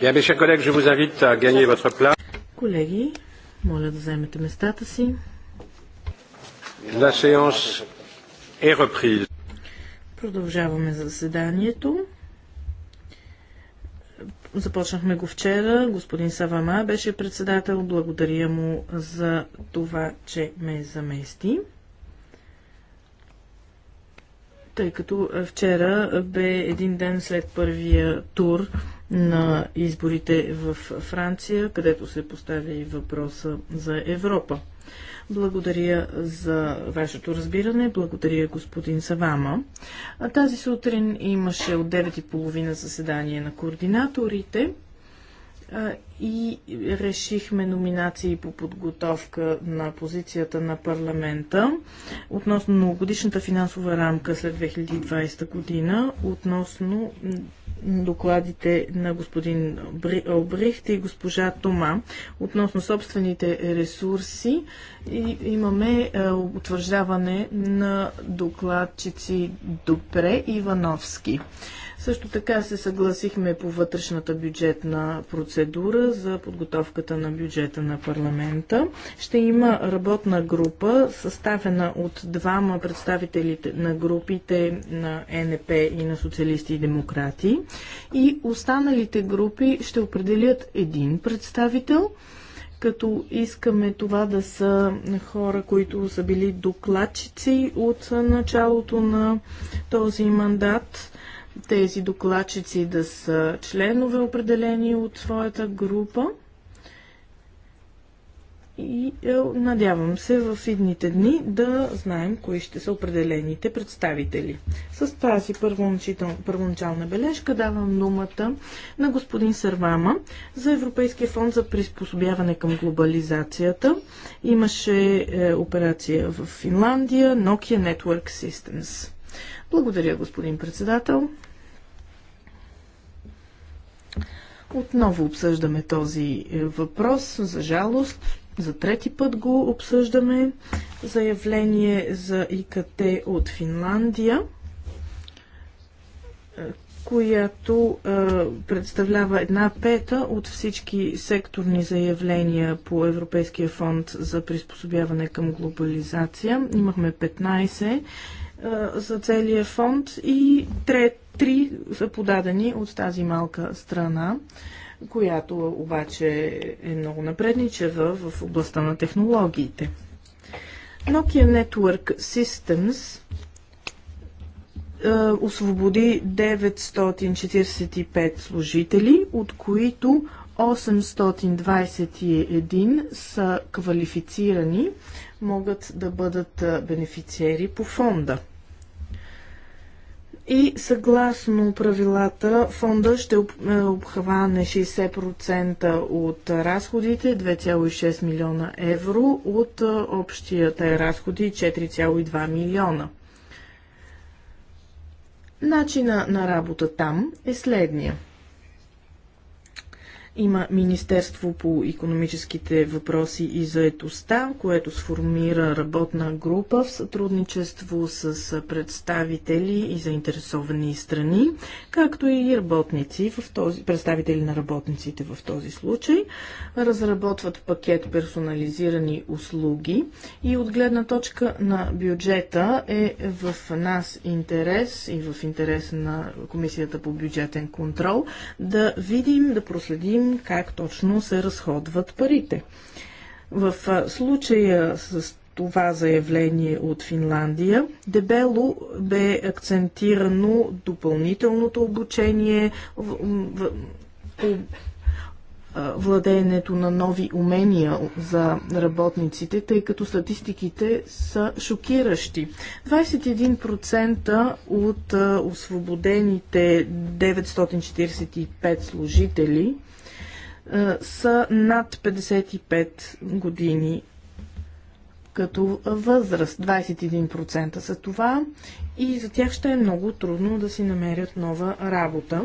Bien, mes chers collègues, je vous invite à gagner votre place. Колеги, моля да вземете местата си. La séance est reprise. Продължаваме заседанието. Започнахме го вчера. Господин Савама беше председател. Благодаря му за това, че ме замести тъй като е, вчера е, бе един ден след първия тур на изборите в Франция, където се поставя и въпроса за Европа. Благодаря за вашето разбиране. Благодаря, господин Савама. Тази сутрин имаше от 9.30 заседание на координаторите и решихме номинации по подготовка на позицията на парламента относно многогодишната финансова рамка след 2020 година, относно докладите на господин Обрихте и госпожа Тома относно собствените ресурси. И имаме е, утвърждаване на докладчици Допре и Ивановски. Също така се съгласихме по вътрешната бюджетна процедура за подготовката на бюджета на парламента. Ще има работна група, съставена от двама представителите на групите на НП и на социалисти и демократи и останалите групи ще определят един представител, като искаме това да са хора, които са били докладчици от началото на този мандат тези докладчици да са членове определени от своята група и е, надявам се в идните дни да знаем кои ще са определените представители. С тази първоначална бележка давам думата на господин Сървама за Европейския фонд за приспособяване към глобализацията. Имаше е, операция в Финландия, Nokia Network Systems. Благодаря, господин председател. Отново обсъждаме този е, въпрос, за жалост за трети път го обсъждаме. Заявление за ИКТ от Финландия, която представлява една пета от всички секторни заявления по Европейския фонд за приспособяване към глобализация. Имахме 15 за целия фонд и 3 са подадени от тази малка страна която обаче е много напредничева в областта на технологиите. Nokia Network Systems е, освободи 945 служители, от които 821 са квалифицирани, могат да бъдат е, бенефициери по фонда. И съгласно правилата, фонда ще е, обхване 60% от разходите, 2,6 милиона евро, от е, общията е, разходи 4,2 милиона. Начина на работа там е следния – има Министерство по економическите въпроси и заетостта, което сформира работна група в сътрудничество с представители и заинтересовани страни, както и работници в този, представители на работниците в този случай. Разработват пакет персонализирани услуги и от гледна точка на бюджета е в нас интерес и в интерес на Комисията по бюджетен контрол да видим, да проследим как точно се разходват парите. В случая с това заявление от Финландия, дебело бе акцентирано допълнителното обучение, в, в, в, владеенето на нови умения за работниците, тъй като статистиките са шокиращи. 21% от освободените 945 служители е, са над 55 години като възраст. 21% са това и за тях ще е много трудно да си намерят нова работа.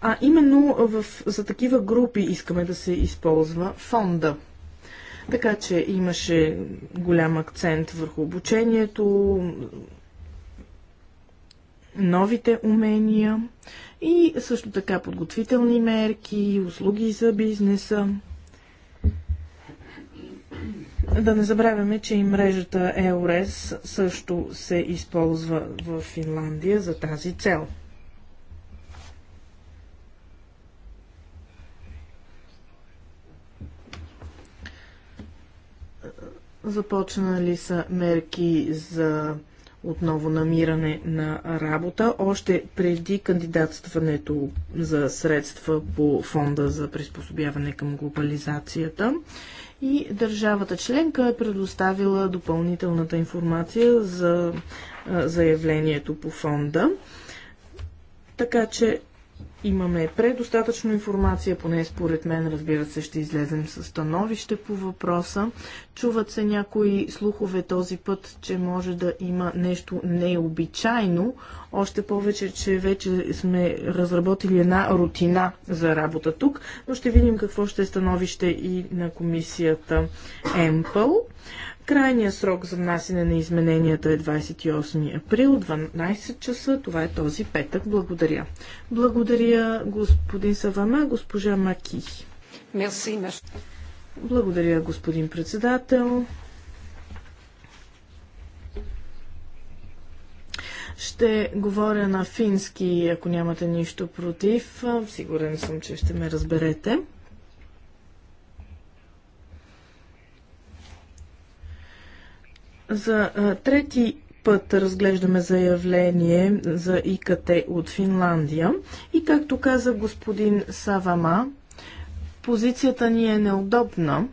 А именно в, за такива групи искаме да се използва фонда. Така че имаше голям акцент върху обучението, новите умения и също така подготвителни мерки, услуги за бизнеса. Да не забравяме, че и мрежата EURES също се използва в Финландия за тази цел. Започнали са мерки за отново намиране на работа, още преди кандидатстването за средства по фонда за приспособяване към глобализацията. И държавата членка е предоставила допълнителната информация за заявлението по фонда. Така че Имаме предостатъчно информация, поне според мен, разбира се, ще излезем с становище по въпроса. Чуват се някои слухове този път, че може да има нещо необичайно, още повече, че вече сме разработили една рутина за работа тук, но ще видим какво ще е становище и на комисията МПЛ. Крайният срок за внасяне на измененията е 28 април, 12 часа. Това е този петък. Благодаря. Благодаря господин Савана, госпожа Маки. Мерси, Благодаря, господин председател. Ще говоря на фински, ако нямате нищо против. Сигурен съм, че ще ме разберете. За трети път разглеждаме заявление за ИКТ от Финландия и както каза господин Савама, позицията ни е неудобна.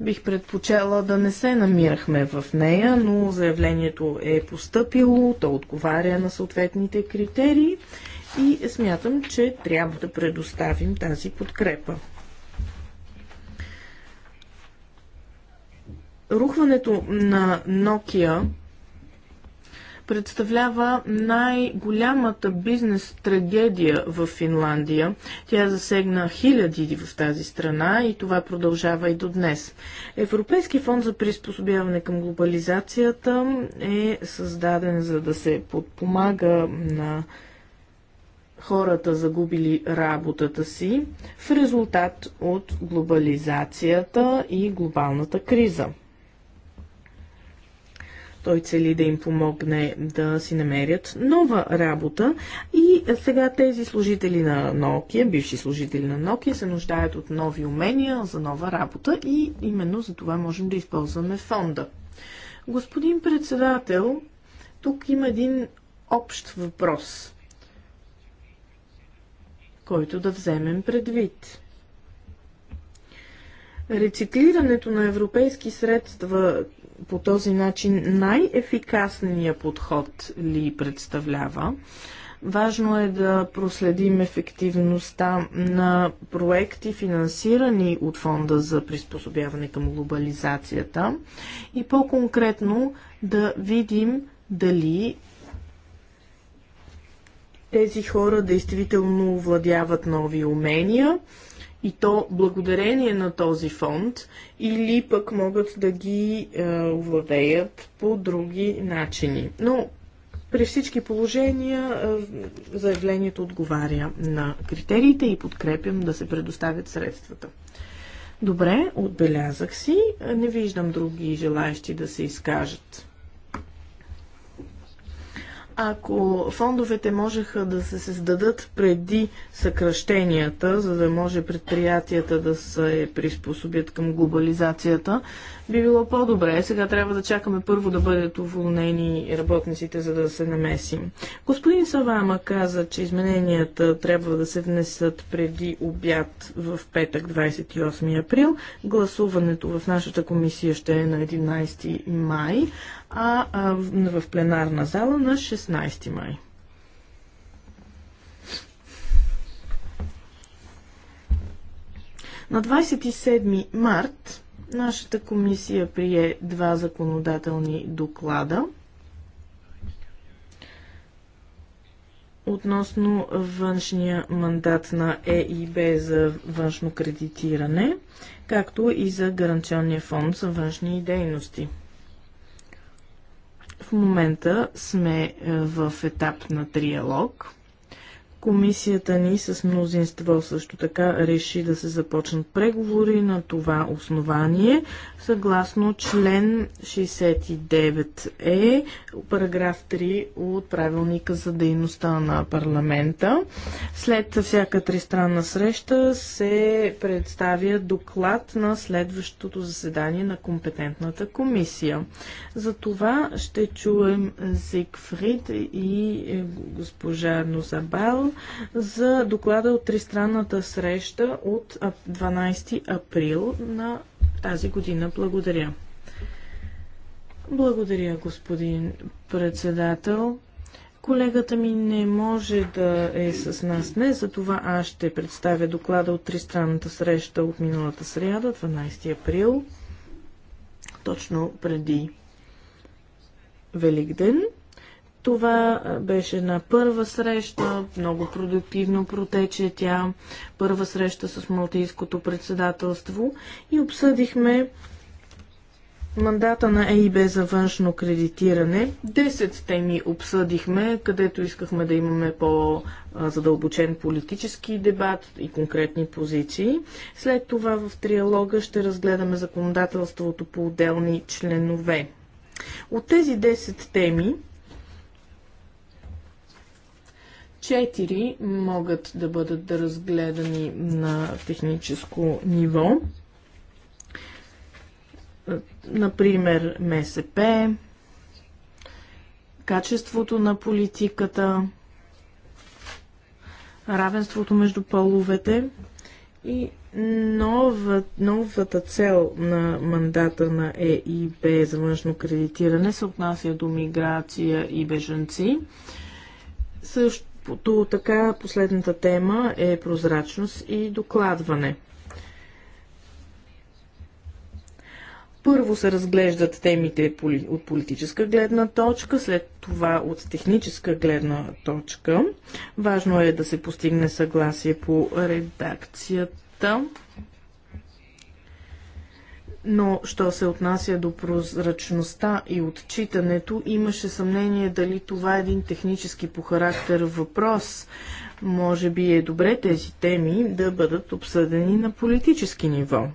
Бих предпочела да не се намирахме в нея, но заявлението е поступило, то отговаря на съответните критерии и смятам, че трябва да предоставим тази подкрепа. Рухването на Nokia представлява най-голямата бизнес трагедия в Финландия. Тя засегна хиляди в тази страна и това продължава и до днес. Европейски фонд за приспособяване към глобализацията е създаден за да се подпомага на хората загубили работата си в резултат от глобализацията и глобалната криза. Той цели да им помогне да си намерят нова работа и сега тези служители на Nokia, бивши служители на Nokia, се нуждаят от нови умения за нова работа и именно за това можем да използваме фонда. Господин председател, тук има един общ въпрос, който да вземем предвид рециклирането на европейски средства по този начин най-ефикасния подход ли представлява? Важно е да проследим ефективността на проекти, финансирани от Фонда за приспособяване към глобализацията и по-конкретно да видим дали тези хора действително овладяват нови умения и то благодарение на този фонд, или пък могат да ги е, овладеят по други начини. Но при всички положения е, заявлението отговаря на критериите и подкрепям да се предоставят средствата. Добре, отбелязах си. Не виждам други желаящи да се изкажат. Ако фондовете можеха да се създадат преди съкръщенията, за да може предприятията да се приспособят към глобализацията, би било по-добре. Сега трябва да чакаме първо да бъдат уволнени работниците, за да се намесим. Господин Савама каза, че измененията трябва да се внесат преди обяд в петък 28 април. Гласуването в нашата комисия ще е на 11 май, а в пленарна зала на 6 16 май. На 27 март нашата комисия прие два законодателни доклада относно външния мандат на ЕИБ за външно кредитиране, както и за гаранционния фонд за външни дейности. В момента сме е, в етап на триалог – Комисията ни с мнозинство също така реши да се започнат преговори на това основание, съгласно член 69е, параграф 3 от правилника за дейността на парламента. След всяка тристранна среща се представя доклад на следващото заседание на компетентната комисия. За това ще чуем Зигфрид и е, госпожа Нозабал за доклада от тристранната среща от 12 април на тази година. Благодаря. Благодаря, господин председател. Колегата ми не може да е с нас днес, затова аз ще представя доклада от тристранната среща от миналата сряда, 12 април, точно преди Великден. Това беше на първа среща, много продуктивно протече тя, първа среща с Малтийското председателство и обсъдихме мандата на ЕИБ за външно кредитиране. Десет теми обсъдихме, където искахме да имаме по-задълбочен политически дебат и конкретни позиции. След това в триалога ще разгледаме законодателството по отделни членове. От тези 10 теми Четири могат да бъдат разгледани на техническо ниво. Например, МСП, качеството на политиката, равенството между половете и нова, новата цел на мандата на ЕИБ за външно кредитиране се отнася до миграция и беженци Също то така последната тема е прозрачност и докладване. Първо се разглеждат темите от политическа гледна точка, след това от техническа гледна точка. Важно е да се постигне съгласие по редакцията. Но, що се отнася до прозрачността и отчитането, имаше съмнение дали това е един технически по характер въпрос. Може би е добре тези теми да бъдат обсъдени на политически ниво.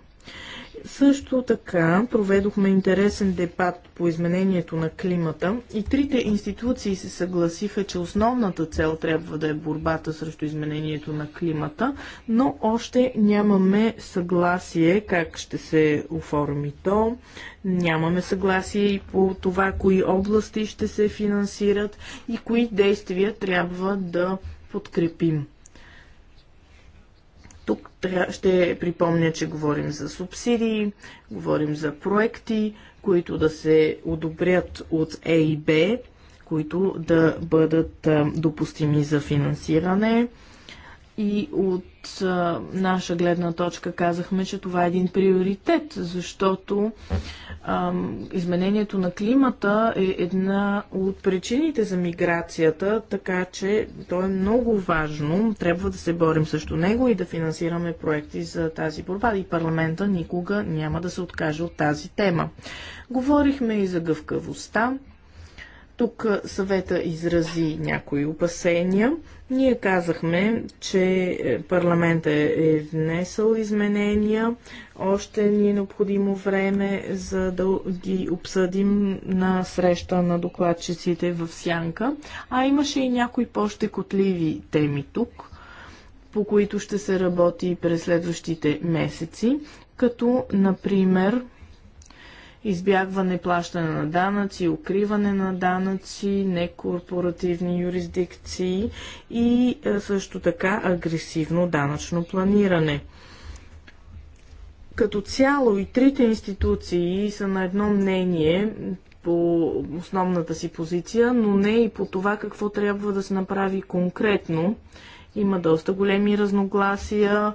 Също така проведохме интересен дебат по изменението на климата и трите институции се съгласиха, че основната цел трябва да е борбата срещу изменението на климата, но още нямаме съгласие как ще се оформи то. Нямаме съгласие и по това, кои области ще се финансират и кои действия трябва да подкрепим ще припомня, че говорим за субсидии, говорим за проекти, които да се одобрят от Е и Б, които да бъдат допустими за финансиране и от а, наша гледна точка казахме, че това е един приоритет, защото а, изменението на климата е една от причините за миграцията, така че то е много важно. Трябва да се борим срещу него и да финансираме проекти за тази борба. И парламента никога няма да се откаже от тази тема. Говорихме и за гъвкавостта тук съвета изрази някои опасения. Ние казахме, че е, парламентът е, е внесъл изменения, още ни е необходимо време, за да ги обсъдим на среща на докладчиците в Сянка, а имаше и някои по-щекотливи теми тук, по които ще се работи през следващите месеци, като, например, избягване плащане на данъци, укриване на данъци, некорпоративни юрисдикции и е, също така агресивно данъчно планиране. Като цяло и трите институции са на едно мнение, по основната си позиция, но не и по това какво трябва да се направи конкретно. Има доста големи разногласия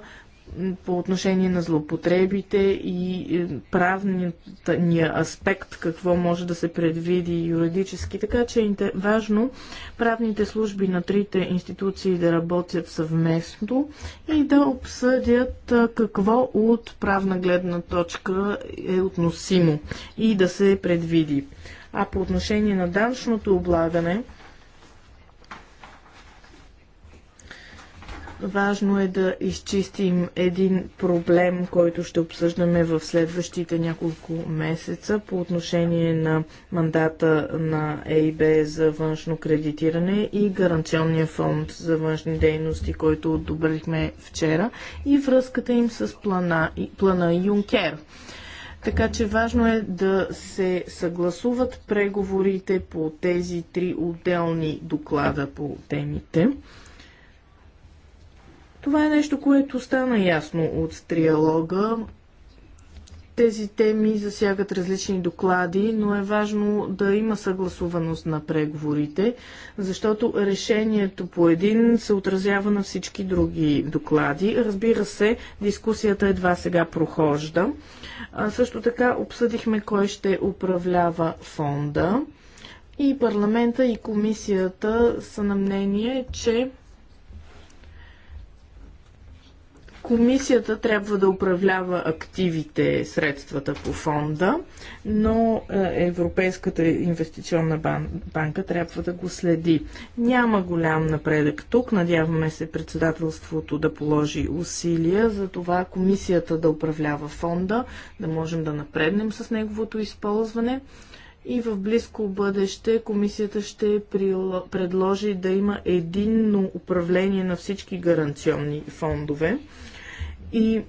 по отношение на злоупотребите и е, правния аспект, какво може да се предвиди юридически. Така че е важно правните служби на трите институции да работят съвместно и да обсъдят е, какво от правна гледна точка е относимо и да се предвиди. А по отношение на данчното облагане, Важно е да изчистим един проблем, който ще обсъждаме в следващите няколко месеца по отношение на мандата на ЕИБ за външно кредитиране и гаранционния фонд за външни дейности, който одобрихме вчера и връзката им с плана, плана Юнкер. Така че важно е да се съгласуват преговорите по тези три отделни доклада по темите. Това е нещо, което стана ясно от триалога. Тези теми засягат различни доклади, но е важно да има съгласуваност на преговорите, защото решението по един се отразява на всички други доклади. Разбира се, дискусията едва сега прохожда. А, също така обсъдихме кой ще управлява фонда. И парламента и комисията са на мнение, че Комисията трябва да управлява активите, средствата по фонда, но е, Европейската инвестиционна банка трябва да го следи. Няма голям напредък тук. Надяваме се председателството да положи усилия за това комисията да управлява фонда, да можем да напреднем с неговото използване и в близко бъдеще комисията ще предложи да има единно управление на всички гаранционни фондове. И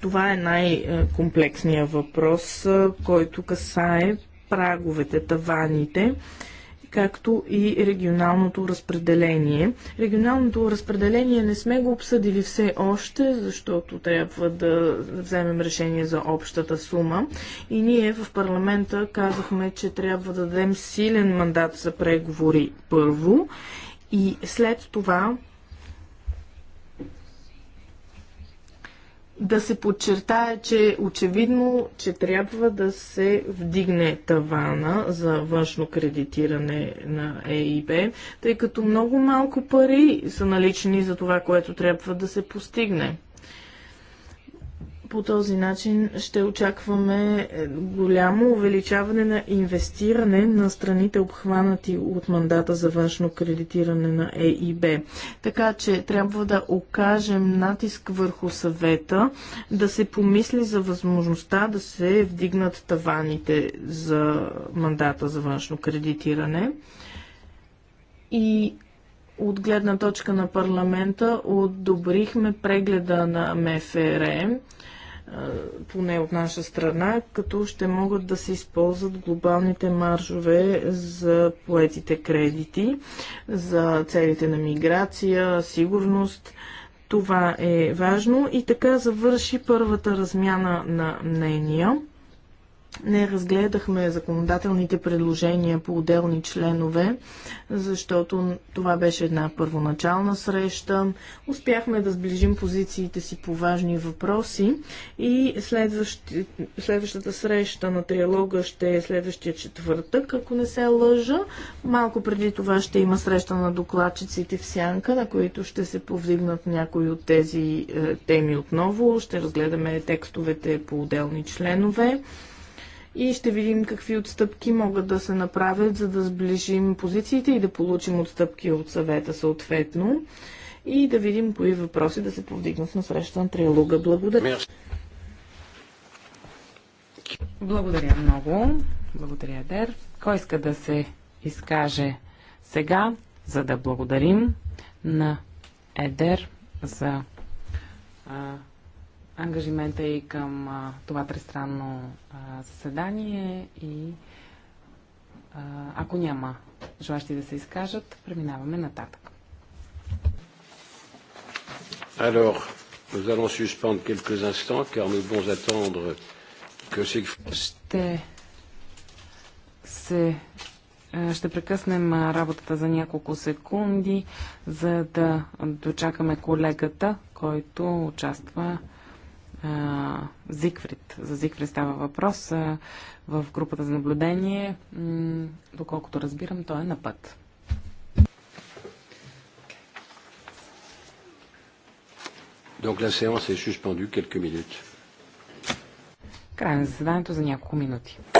това е най-комплексният въпрос, който касае праговете, таваните, както и регионалното разпределение. Регионалното разпределение не сме го обсъдили все още, защото трябва да вземем решение за общата сума. И ние в парламента казахме, че трябва да дадем силен мандат за преговори първо и след това да се подчертае, че очевидно, че трябва да се вдигне тавана за външно кредитиране на ЕИБ, тъй като много малко пари са налични за това, което трябва да се постигне. По този начин ще очакваме е, голямо увеличаване на инвестиране на страните обхванати от мандата за външно кредитиране на ЕИБ. Така че трябва да окажем натиск върху съвета, да се помисли за възможността да се вдигнат таваните за мандата за външно кредитиране. И от гледна точка на парламента одобрихме прегледа на МФРМ поне от наша страна, като ще могат да се използват глобалните маржове за поетите кредити, за целите на миграция, сигурност. Това е важно и така завърши първата размяна на мнения не разгледахме законодателните предложения по отделни членове, защото това беше една първоначална среща. Успяхме да сближим позициите си по важни въпроси и следващ... следващата среща на триалога ще е следващия четвъртък, ако не се лъжа. Малко преди това ще има среща на докладчиците в Сянка, на които ще се повдигнат някои от тези е, теми отново. Ще разгледаме текстовете по отделни членове и ще видим какви отстъпки могат да се направят, за да сближим позициите и да получим отстъпки от съвета съответно и да видим кои въпроси да се повдигнат на среща на триалога. Благодаря. Благодаря много. Благодаря, Дер. Кой иска да се изкаже сега, за да благодарим на Едер за а, ангажимента и към а, това тристранно а, заседание и а, ако няма желащи да се изкажат, преминаваме нататък. Alors, nous allons suspendre quelques instants car nous devons attendre que Ще се ще прекъснем работата за няколко секунди, за да дочакаме колегата, който участва Зигфрид. За Зигфрид става въпрос в групата за наблюдение. доколкото разбирам, той е на път. Donc la séance est suspendue quelques minutes. Край на заседанието за няколко минути.